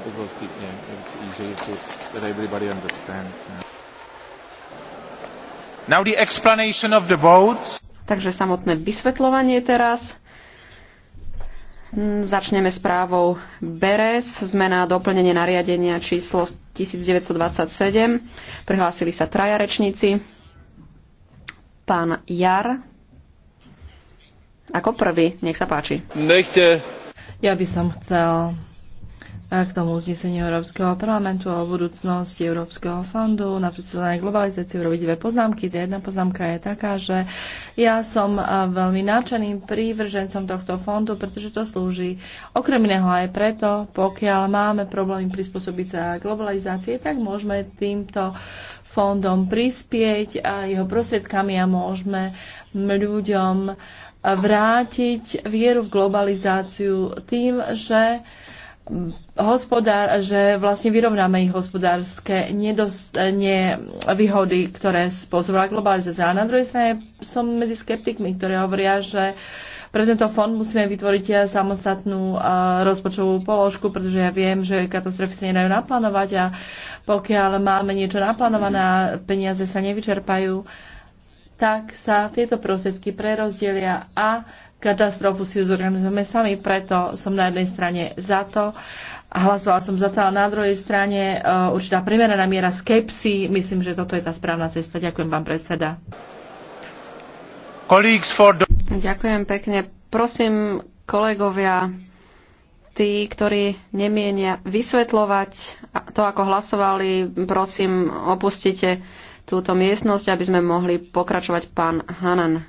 it's to, that everybody understands. Now the explanation of the Takže samotné vysvetľovanie teraz. Mm, začneme správou BERES, zmena a doplnenie nariadenia číslo 1927. Prihlásili sa traja rečníci. Pán Jar. Ako prvý, nech sa páči. Nechte. Ja by som chcel k tomu uzneseniu Európskeho parlamentu o budúcnosti Európskeho fondu na predstavovanie globalizácie urobiť dve poznámky. Tá jedna poznámka je taká, že ja som veľmi nadšeným prívržencom tohto fondu, pretože to slúži okrem iného aj preto, pokiaľ máme problémy prispôsobiť sa globalizácie, tak môžeme týmto fondom prispieť a jeho prostriedkami a môžeme ľuďom vrátiť vieru v globalizáciu tým, že uh, hospodár, že vlastne vyrovnáme ich hospodárske nedost, ne, výhody, ktoré spôsobila globalizácia. A na druhej strane som medzi skeptikmi, ktorí hovoria, že pre tento fond musíme vytvoriť samostatnú e, rozpočtovú položku, pretože ja viem, že katastrofy sa nedajú naplánovať a pokiaľ máme niečo naplánované a peniaze sa nevyčerpajú, tak sa tieto prostriedky prerozdelia a katastrofu si ju zorganizujeme sami, preto som na jednej strane za to a hlasovala som za to, a na druhej strane uh, určitá primeraná miera skepsy. Myslím, že toto je tá správna cesta. Ďakujem vám, predseda. Ďakujem pekne. Prosím, kolegovia, tí, ktorí nemienia vysvetľovať to, ako hlasovali, prosím, opustite túto miestnosť, aby sme mohli pokračovať pán Hanan.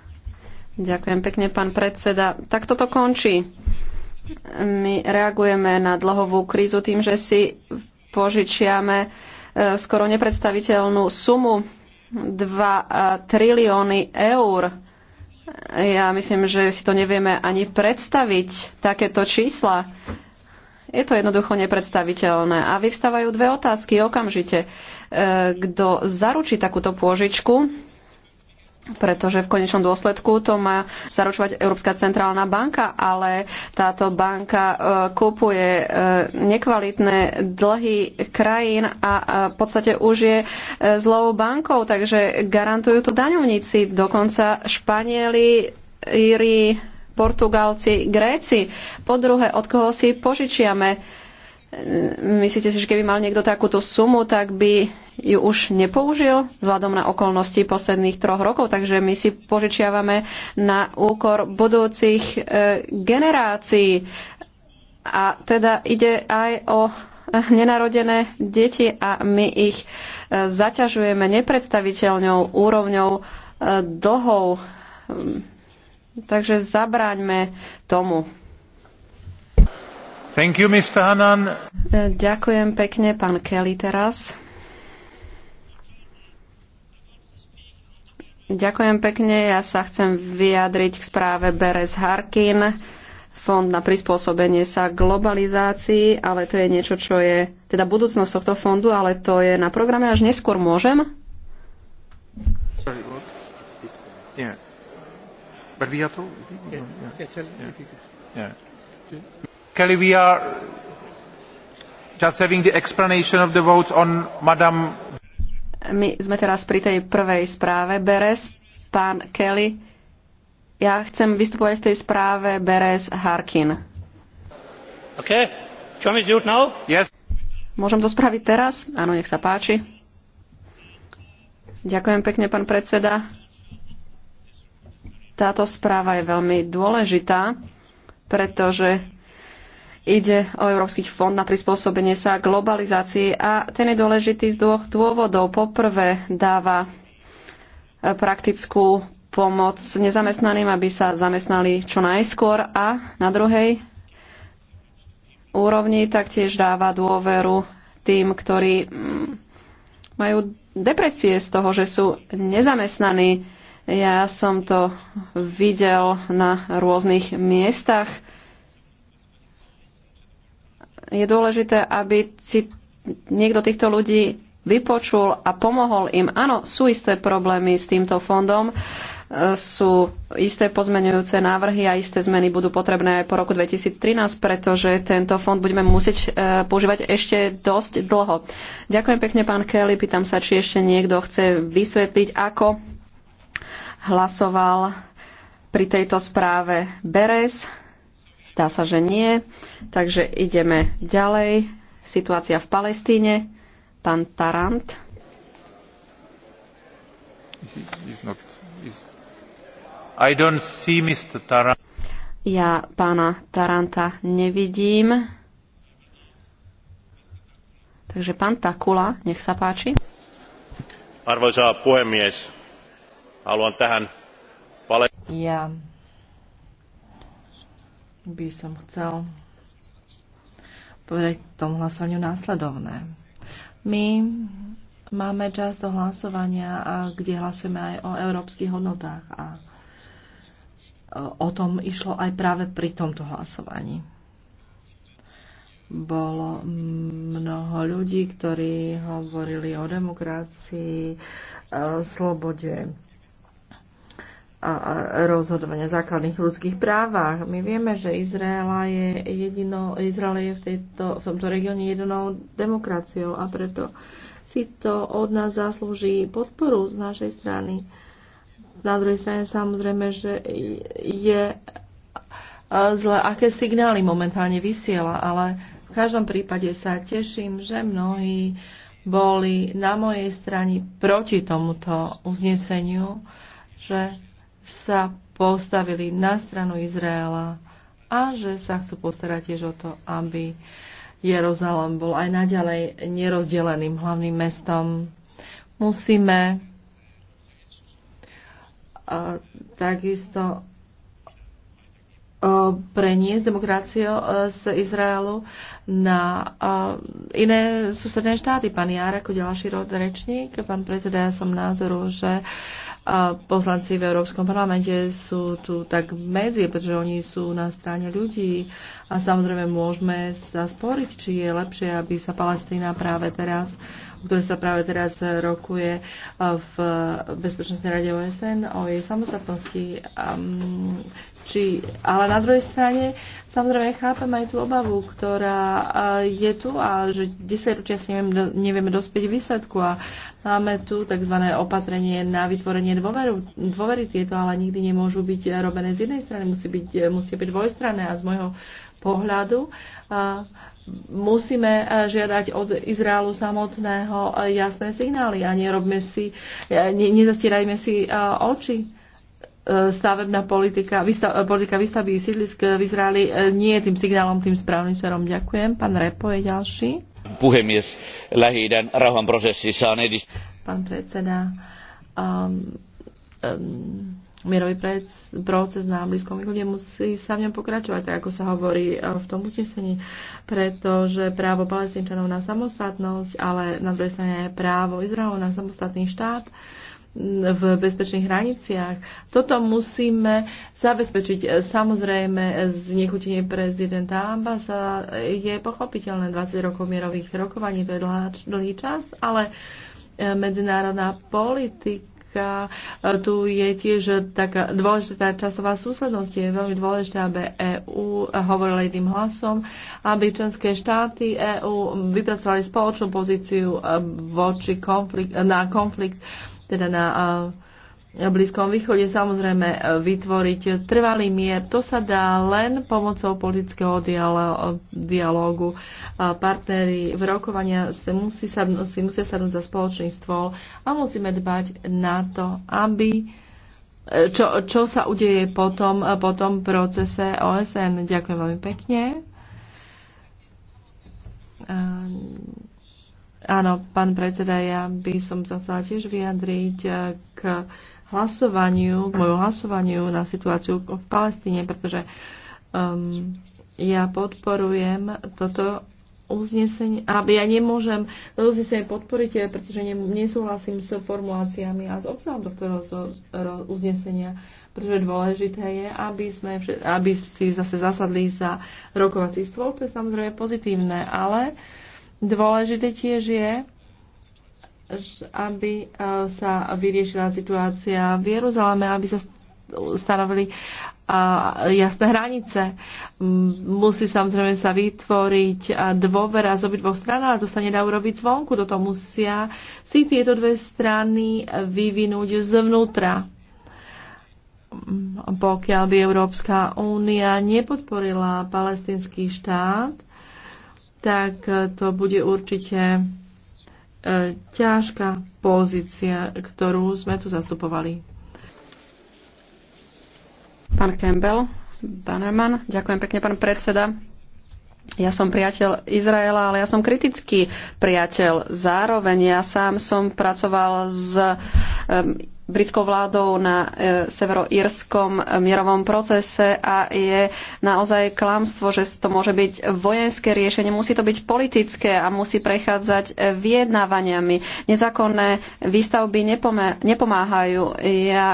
Ďakujem pekne, pán predseda. Tak toto končí. My reagujeme na dlhovú krízu tým, že si požičiame e, skoro nepredstaviteľnú sumu 2 e, trilióny eur. Ja myslím, že si to nevieme ani predstaviť, takéto čísla. Je to jednoducho nepredstaviteľné. A vyvstávajú dve otázky okamžite. E, kto zaručí takúto pôžičku pretože v konečnom dôsledku to má zaručovať Európska centrálna banka, ale táto banka e, kúpuje e, nekvalitné dlhy krajín a v podstate už je e, zlou bankou, takže garantujú to daňovníci, dokonca Španieli, Íri, Portugalci, Gréci. Po druhé, od koho si požičiame Myslíte si, že keby mal niekto takúto sumu, tak by ju už nepoužil vzhľadom na okolnosti posledných troch rokov, takže my si požičiavame na úkor budúcich e, generácií. A teda ide aj o nenarodené deti a my ich e, zaťažujeme nepredstaviteľnou úrovňou e, dlhov. Ehm, takže zabráňme tomu. Thank you, Mr. Hanan. Ďakujem pekne, pán Kelly teraz. Ďakujem pekne. Ja sa chcem vyjadriť k správe Beres Harkin, fond na prispôsobenie sa globalizácii, ale to je niečo, čo je teda budúcnosť tohto fondu, ale to je na programe až neskôr. Môžem? Sorry, Kelly, we are just having the explanation of the votes on My sme teraz pri tej prvej správe Beres. Pán Kelly, ja chcem vystupovať v tej správe Beres Harkin. do now? Yes. Môžem to spraviť teraz? Áno, nech sa páči. Ďakujem pekne, pán predseda. Táto správa je veľmi dôležitá, pretože Ide o Európsky fond na prispôsobenie sa globalizácii a ten je dôležitý z dvoch dôvodov. Poprvé dáva e, praktickú pomoc nezamestnaným, aby sa zamestnali čo najskôr a na druhej úrovni taktiež dáva dôveru tým, ktorí mm, majú depresie z toho, že sú nezamestnaní. Ja som to videl na rôznych miestach je dôležité, aby si niekto týchto ľudí vypočul a pomohol im. Áno, sú isté problémy s týmto fondom, e, sú isté pozmenujúce návrhy a isté zmeny budú potrebné aj po roku 2013, pretože tento fond budeme musieť e, používať ešte dosť dlho. Ďakujem pekne, pán Kelly. Pýtam sa, či ešte niekto chce vysvetliť, ako hlasoval pri tejto správe Beres. Zdá sa, že nie. Takže ideme ďalej. Situácia v Palestíne. Pán Tarant. Ja pána Taranta nevidím. Takže pán Takula, nech sa páči. Arvoisa puhemies, haluan tähän pale- ja by som chcel povedať k tomu hlasovaniu následovné. My máme čas do hlasovania, kde hlasujeme aj o európskych hodnotách a o tom išlo aj práve pri tomto hlasovaní. Bolo mnoho ľudí, ktorí hovorili o demokracii, slobode rozhodovania základných ľudských právach. My vieme, že Izraela je jedino, Izrael je v, tejto, v tomto regióne jedinou demokraciou a preto si to od nás zaslúži podporu z našej strany. Na druhej strane samozrejme, že je e, zle, aké signály momentálne vysiela, ale v každom prípade sa teším, že mnohí boli na mojej strane proti tomuto uzneseniu, že sa postavili na stranu Izraela a že sa chcú postarať tiež o to, aby Jeruzalem bol aj naďalej nerozdeleným hlavným mestom. Musíme takisto Eh, preniesť demokraciu eh, z Izraelu na eh, iné susedné štáty. Pán Jár, ako ďalší rod rečník, pán predseda, ja som názoru, že poslanci v Európskom parlamente sú tu tak medzi, pretože oni sú na strane ľudí a samozrejme môžeme sa sporiť, či je lepšie, aby sa Palestína práve teraz ktoré sa práve teraz rokuje e, v Bezpečnostnej rade OSN o jej samostatnosti. Či, ale na druhej strane samozrejme chápem aj tú obavu, ktorá e, je tu a že 10 ročia si nevieme, nevieme dospieť výsledku a máme tu tzv. opatrenie na vytvorenie dôveru. Dôvery tieto ale nikdy nemôžu byť robené z jednej strany, musí byť, e, musí byť dvojstranné a z môjho pohľadu. A, musíme eh, žiadať od Izraelu samotného eh, jasné signály a nerobme si, eh, nezastierajme si oči. Stavebná politika, vystav, politika výstavby sídlisk v Izraeli nie je tým signálom, tým správnym smerom. Ďakujem. Pán Repo je ďalší. Puhemies, lähi-idän rauhanprosessissa on Pán predseda, um, um, mierový proces na Blízkom východe musí sa v ňom pokračovať, tak ako sa hovorí e, v tom usnesení, pretože právo palestínčanov na samostatnosť, ale na druhej strane aj právo Izraelu na samostatný štát v bezpečných hraniciach. Toto musíme zabezpečiť. Samozrejme, znechutenie prezidenta ambasa je pochopiteľné 20 rokov mierových rokovaní, to je dlhý čas, ale e, medzinárodná politika tak Tu je tiež taká dôležitá časová súslednosť. Je veľmi dôležité, aby EÚ hovorila jedným hlasom, aby členské štáty EÚ vypracovali spoločnú pozíciu e, voči konflikt, na konflikt, teda na Blízkom východe samozrejme vytvoriť trvalý mier. To sa dá len pomocou politického dialógu. Partnery v rokovania si, musí sadnúť, si musia sadnúť za spoločný stôl a musíme dbať na to, aby čo, čo sa udeje potom, po tom procese OSN. Ďakujem veľmi pekne. Áno, pán predseda, ja by som sa chcela tiež vyjadriť eh, k hlasovaniu, k môjmu hlasovaniu na situáciu v Palestíne, pretože um, ja podporujem toto uznesenie, a ja nemôžem to uznesenie podporiť, eh, pretože ne, nesúhlasím s formuláciami a s obsahom tohto uznesenia pretože dôležité je, aby, sme, aby si zase zasadli za rokovací stôl, to je samozrejme pozitívne, ale uh, Dôležité tiež je, aby e, sa vyriešila situácia v Jeruzaleme, aby sa stanovili e, jasné hranice. Musí samozrejme sa vytvoriť e, dôvera z obidvoch stran, ale to sa nedá urobiť zvonku. Toto musia si tieto dve strany vyvinúť zvnútra. Pokiaľ by Európska únia nepodporila palestinský štát, tak e, to bude určite e, ťažká pozícia, ktorú sme tu zastupovali. Pán Campbell, Bannerman, ďakujem pekne, pán predseda. Ja som priateľ Izraela, ale ja som kritický priateľ. Zároveň ja sám som pracoval s um, britskou vládou na e, severoírskom e, mierovom procese a je naozaj klamstvo, že to môže byť vojenské riešenie. Musí to byť politické a musí prechádzať e, vyjednávaniami. Nezákonné výstavby nepomáhajú. Ja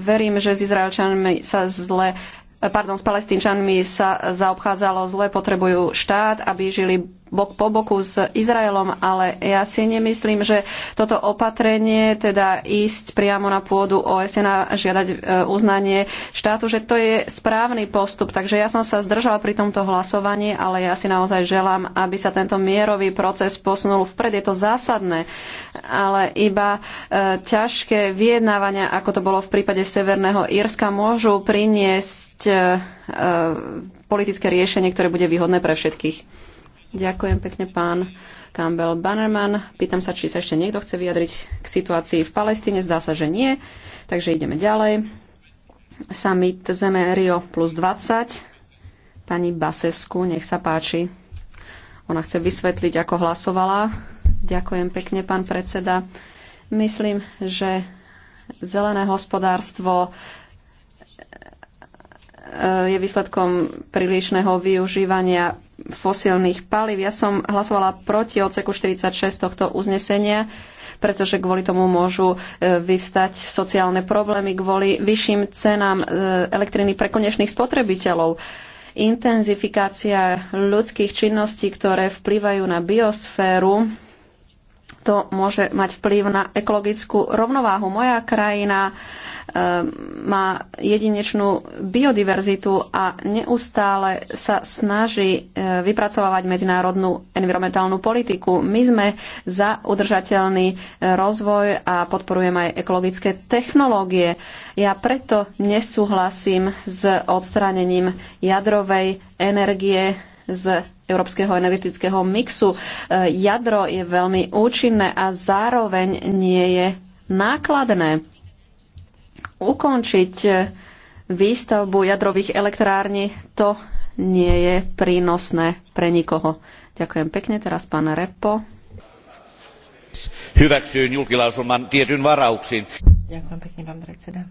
verím, že s Izraelčanmi sa zle pardon, s palestínčanmi sa zaobchádzalo zle, potrebujú štát, aby žili bok po boku s Izraelom, ale ja si nemyslím, že toto opatrenie, teda ísť priamo na pôdu OSN a žiadať e, uznanie štátu, že to je správny postup. Takže ja som sa zdržala pri tomto hlasovaní, ale ja si naozaj želám, aby sa tento mierový proces posunul vpred. Je to zásadné, ale iba e, ťažké vyjednávania, ako to bolo v prípade Severného Írska, môžu priniesť e, politické riešenie, ktoré bude výhodné pre všetkých. Ďakujem pekne, pán Campbell Bannerman. Pýtam sa, či sa ešte niekto chce vyjadriť k situácii v Palestíne. Zdá sa, že nie. Takže ideme ďalej. Summit Zeme Rio plus 20. Pani Basesku, nech sa páči. Ona chce vysvetliť, ako hlasovala. Ďakujem pekne, pán predseda. Myslím, že zelené hospodárstvo e, je výsledkom prílišného využívania fosílnych palív. Ja som hlasovala proti odseku 46 tohto uznesenia, pretože kvôli tomu môžu e, vyvstať sociálne problémy kvôli vyšším cenám e, elektriny pre konečných spotrebiteľov. Intenzifikácia ľudských činností, ktoré vplývajú na biosféru, to môže mať vplyv na ekologickú rovnováhu. Moja krajina e, má jedinečnú biodiverzitu a neustále sa snaží e, vypracovávať medzinárodnú environmentálnu politiku. My sme za udržateľný e, rozvoj a podporujem aj ekologické technológie. Ja preto nesúhlasím s odstránením jadrovej energie z európskeho energetického mixu. E, jadro je veľmi účinné a zároveň nie je nákladné. Ukončiť e, výstavbu jadrových elektrární to nie je prínosné pre nikoho. Ďakujem pekne. Teraz pán Repo. Ďakujem pekne, pán predseda.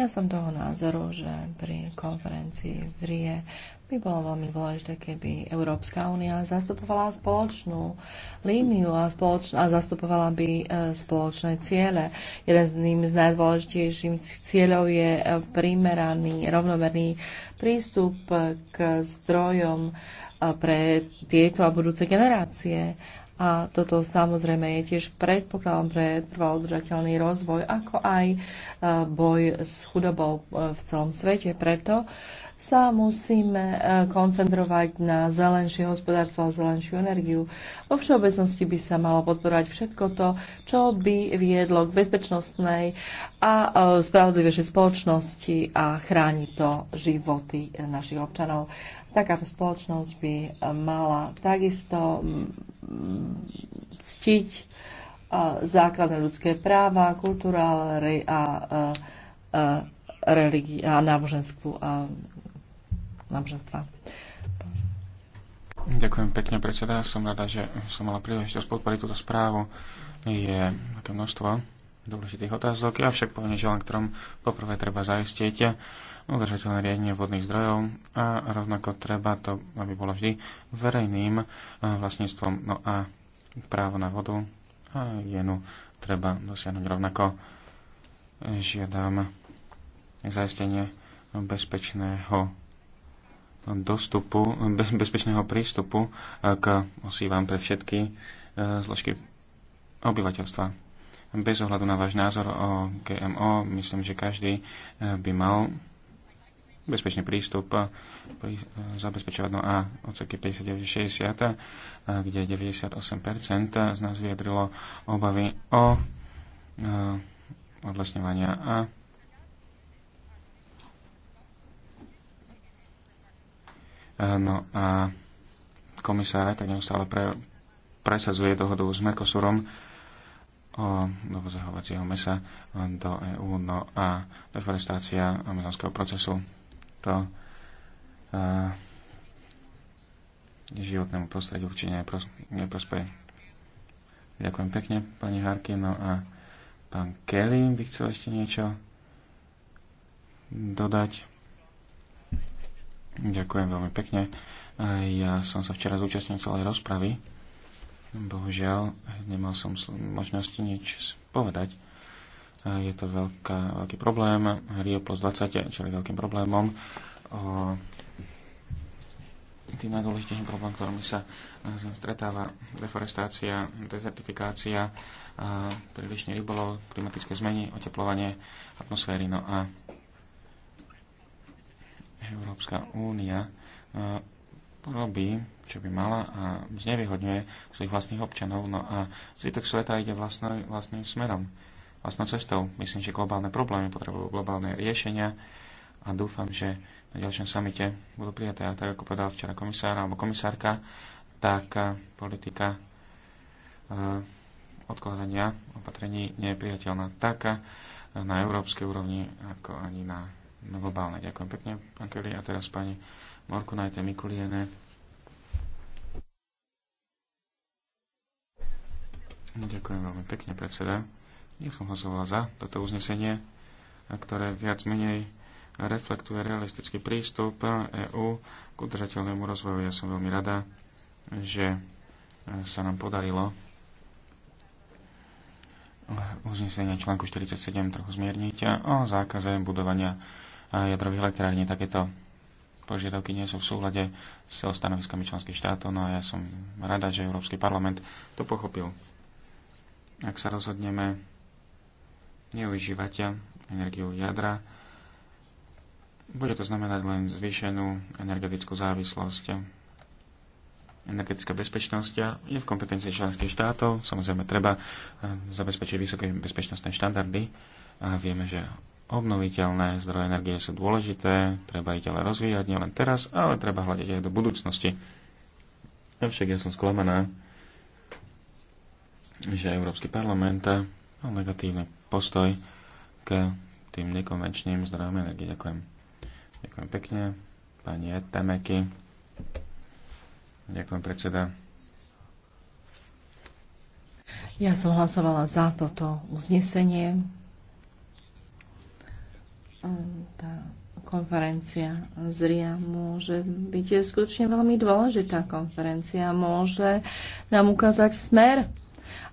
Ja som toho názoru, že pri konferencii v Rie by bolo veľmi dôležité, keby Európska únia zastupovala spoločnú líniu a, spoločn- a zastupovala by e, spoločné ciele. Jedným z najdôležitejších cieľov je e, primeraný, rovnomerný prístup k zdrojom e, pre tieto a budúce generácie. A toto samozrejme je tiež predpokladom pre trvalodržateľný udržateľný rozvoj, ako aj e, boj s chudobou e, v celom svete. Preto sa musíme e, koncentrovať na zelenšie hospodárstvo a zelenšiu energiu. Vo všeobecnosti by sa malo podporovať všetko to, čo by viedlo k bezpečnostnej a spravodlivejšej spoločnosti a chráni to životy našich občanov. Takáto spoločnosť by mala takisto ctiť základné ľudské práva, kultúra a, a, a, religi- a náboženskú a náboženstva. Ďakujem pekne, predseda. Som rada, že som mala príležitosť podporiť túto správu. Je také množstvo dôležitých otázok. Ja však poviem, že len ktorom poprvé treba zaistiť udržateľné riadenie vodných zdrojov a rovnako treba to, aby bolo vždy verejným eh, vlastníctvom. No a právo na vodu a jenu treba dosiahnuť rovnako. Žiadam zaistenie bezpečného dostupu, bez, bezpečného prístupu eh, k osývam pre všetky eh, zložky obyvateľstva bez ohľadu na váš názor o GMO, myslím, že každý eh, by mal bezpečný prístup eh, pri, eh, zabezpečovať. No a odseky 59-60, kde 98% z nás vyjadrilo obavy o odlesňovania a No a komisár tak neustále pre, presadzuje dohodu s Mercosurom, o dovoze hovacieho mesa do EÚ, no a deforestácia amazonského procesu to a, životnému prostrediu určite nepros- neprospeje. Ďakujem pekne, pani Harky, no a pán Kelly by chcel ešte niečo dodať. Ďakujem veľmi pekne. Ja som sa včera zúčastnil celej rozpravy Bohužiaľ, nemal som možnosť nič povedať. Je to veľká, veľký problém. Rio plus 20 čili veľkým problémom. tým najdôležitejším problémom, ktorým sa e, stretáva deforestácia, dezertifikácia, prílišný rybolov, klimatické zmeny, oteplovanie atmosféry. No a Európska únia e, robí, čo by mala a znevýhodňuje svojich vlastných občanov. No a zvytok sveta ide vlastný, vlastným smerom, vlastnou cestou. Myslím, že globálne problémy potrebujú globálne riešenia a dúfam, že na ďalšom samite budú prijaté. A tak ako povedal včera komisár alebo komisárka, tak eh, politika eh, odkladania opatrení nie je priateľná taká eh, na európskej úrovni, ako ani na, na globálnej. Ďakujem pekne, pán Kelly. A teraz pani Najte Mikuliene. Ďakujem veľmi pekne, predseda. Ja som hlasoval za toto uznesenie, ktoré viac menej reflektuje realistický prístup EÚ k udržateľnému rozvoju. Ja som veľmi rada, že sa nám podarilo uznesenie článku 47 trochu zmierniť o zákaze budovania jadrových elektrární. Takéto požiadavky nie sú v súhľade s stanoviskami členských štátov, no a ja som rada, že Európsky parlament to pochopil. Ak sa rozhodneme neužívať energiu jadra, bude to znamenať len zvýšenú energetickú závislosť. Energetická bezpečnosť je v kompetencii členských štátov. Samozrejme, treba zabezpečiť vysoké bezpečnostné štandardy. A vieme, že Obnoviteľné zdroje energie sú dôležité, treba ich ďalej rozvíjať nielen teraz, ale treba hľadať aj do budúcnosti. Avšak ja som sklamaná, že Európsky parlament mal negatívny postoj k tým nekonvenčným zdrojom energie. Ďakujem. Ďakujem pekne. Pani Etemeky. Ďakujem predseda. Ja som hlasovala za toto uznesenie, tá konferencia z RIA môže byť skutočne veľmi dôležitá konferencia. Môže nám ukázať smer,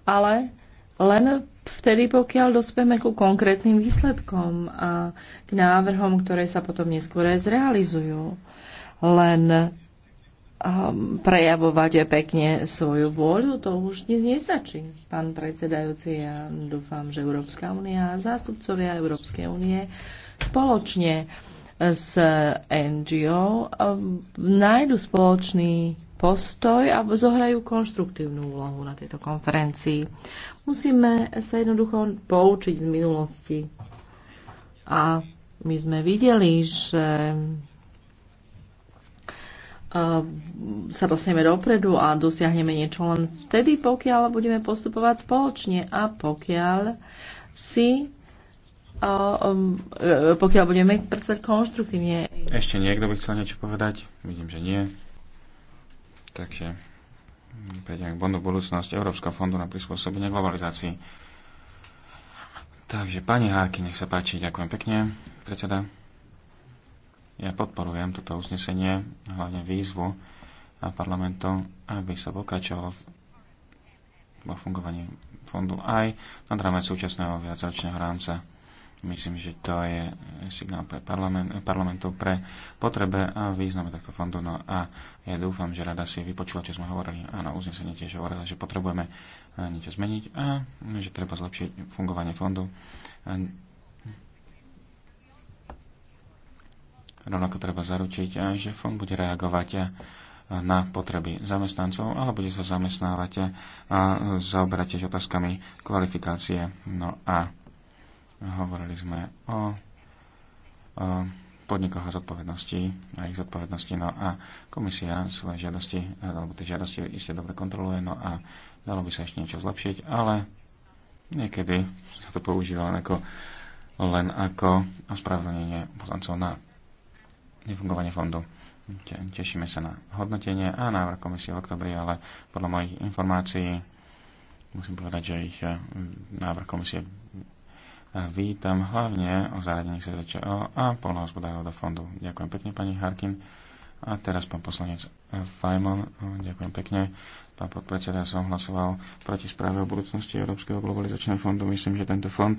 ale len vtedy, pokiaľ dospieme ku konkrétnym výsledkom a k návrhom, ktoré sa potom neskôr zrealizujú. Len Um, prejavovať pekne svoju vôľu, to už dnes nestačí. Pán predsedajúci, ja dúfam, že Európska únia a zástupcovia Európskej únie spoločne s NGO um, nájdu spoločný postoj a zohrajú konštruktívnu úlohu na tejto konferencii. Musíme sa jednoducho poučiť z minulosti. A my sme videli, že sa dosneme dopredu a dosiahneme niečo len vtedy, pokiaľ budeme postupovať spoločne a pokiaľ si um, e, pokiaľ budeme predstavať konštruktívne. Ešte niekto by chcel niečo povedať? Vidím, že nie. Takže prejdeme k bondu budúcnosť Európskeho fondu na prispôsobenie globalizácii. Takže pani Hárky, nech sa páči, ďakujem pekne, predseda. Ja podporujem toto uznesenie, hlavne výzvu a parlamentu, aby sa pokračovalo vo fungovaní fondu aj nad rámec súčasného viacročného rámca. Myslím, že to je signál pre parlament, parlamentov pre potrebe a význame tohto fondu. No a ja dúfam, že rada si vypočula, čo sme hovorili. Áno, uznesenie tiež hovorila, že potrebujeme eh, niečo zmeniť a že treba zlepšiť fungovanie fondu. Rovnako treba zaručiť, eh, že fond bude reagovať eh, na potreby zamestnancov, ale bude sa zamestnávať eh, a zaoberať tiež otázkami kvalifikácie. No a hovorili sme o, o podnikoch a zodpovednosti a ich zodpovednosti. No a komisia svoje žiadosti, alebo tie žiadosti iste dobre kontroluje, no a dalo by sa ešte niečo zlepšiť, ale niekedy sa to používa len ako, len ako ospravedlnenie poslancov na nefungovanie fondu. Tešíme sa na hodnotenie a návrh komisie v oktobri, ale podľa mojich informácií musím povedať, že ich eh, návrh komisie eh, vítam hlavne o zaradení ZČO a polnohospodárov do fondu. Ďakujem pekne, pani Harkin. A teraz pán poslanec eh, Fajmon, ďakujem pekne. Pán podpredseda, som hlasoval proti správe o budúcnosti Európskeho globalizačného fondu. Myslím, že tento fond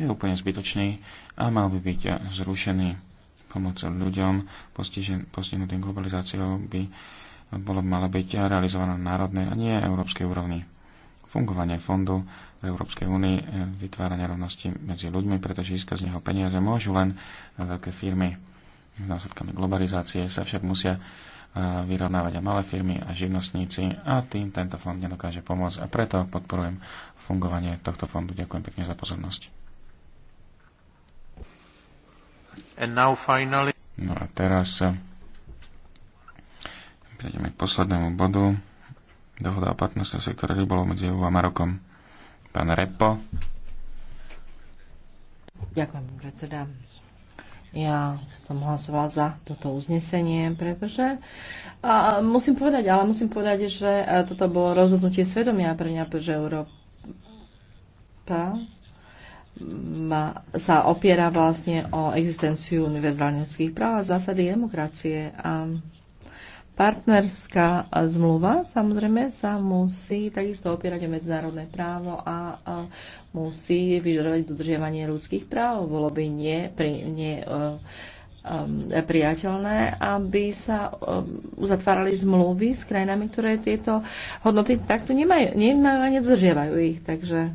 je úplne zbytočný a mal by byť zrušený pomoc ľuďom postihnutým globalizáciou by bolo, mala byť realizovaná na národnej a nie európskej úrovni. Fungovanie fondu v Európskej únii e, vytvára nerovnosti medzi ľuďmi, pretože získať z neho peniaze môžu len veľké firmy. S následkami globalizácie sa však musia e, vyrovnávať aj malé firmy a živnostníci a tým tento fond nedokáže pomôcť a preto podporujem fungovanie tohto fondu. Ďakujem pekne za pozornosť. Finally... No a teraz eh, prejdeme k poslednému bodu. Dohoda o partnerstve sektora rybolov medzi EU a Marokom. Pán Repo. Ďakujem, predseda. Ja som hlasoval za toto uznesenie, pretože a musím povedať, ale musím povedať, že toto bolo rozhodnutie svedomia pre mňa, pretože Európa ma, sa opiera vlastne o existenciu univerzálnych ľudských práv a zásady demokracie. A partnerská zmluva samozrejme sa musí takisto opierať o medzinárodné právo a, a musí vyžadovať dodržiavanie ľudských práv. Bolo by nie, pri, nie uh, priateľné, aby sa e, uzatvárali zmluvy s krajinami, ktoré tieto hodnoty takto nemajú, nemajú a nedodržiavajú ich. Takže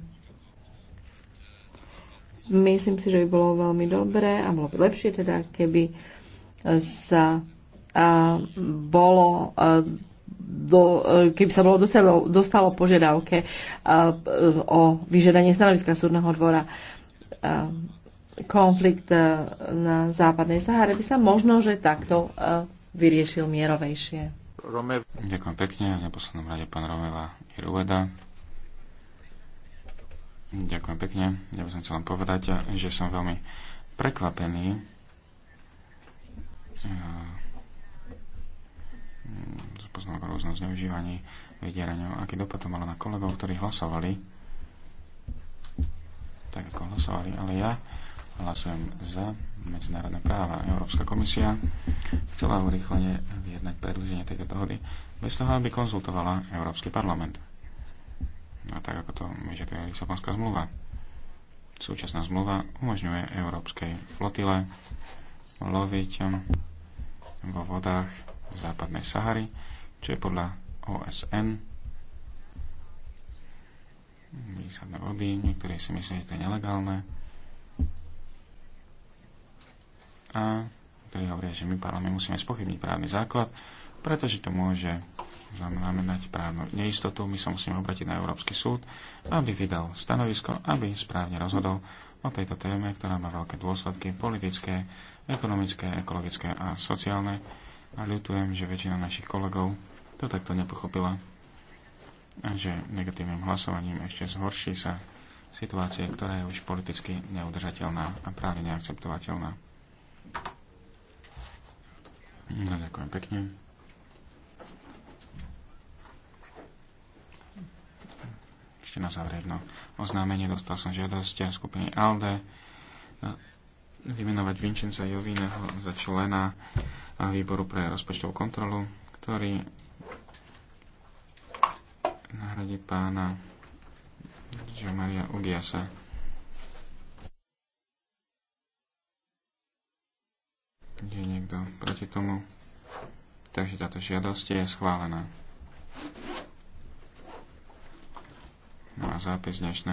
Myslím si, že by bolo veľmi dobré a bolo by lepšie teda, keby sa a, bolo a, do, keby sa bolo dostalo, dostalo požiadavke a, o vyžiadanie stanoviska súdneho dvora. A, konflikt a, e, na západnej Sahare by sa možno, že takto a, e, vyriešil mierovejšie. Ďakujem pekne. V neposlednom rade pán Romeva Irueda. Ďakujem pekne. Ja by som chcel len povedať, že som veľmi prekvapený e, poznal o rôznom zneužívaní vydieraniu, aký dopad to malo na kolegov, ktorí hlasovali tak ako hlasovali, ale ja hlasujem za medzinárodné práva. Európska komisia chcela urýchlenie vyjednať predlženie tejto dohody bez toho, aby konzultovala Európsky parlament a tak ako to vyžaduje Lisabonská zmluva. Súčasná zmluva umožňuje európskej flotile loviť vo vodách západnej Sahary, čo je podľa OSN výsadné vody, niektorí si myslí, že to je nelegálne. A ktorí hovoria, že my parlament musíme spochybniť právny základ pretože to môže znamenať právnu neistotu. My sa musíme obratiť na Európsky súd, aby vydal stanovisko, aby správne rozhodol o tejto téme, ktorá má veľké dôsledky politické, ekonomické, ekologické a sociálne. A ľutujem, že väčšina našich kolegov to takto nepochopila a že negatívnym hlasovaním ešte zhorší sa situácia, ktorá je už politicky neudržateľná a práve neakceptovateľná. No, ďakujem pekne. ešte na záver jedno oznámenie. Dostal som žiadosť skupiny ALDE eh, vymenovať Vincenza Jovineho za člena eh, výboru pre rozpočtovú kontrolu, ktorý nahradí pána Maria Ugiasa. Je niekto proti tomu? Takže táto žiadosť je schválená. No a zápis dnešné.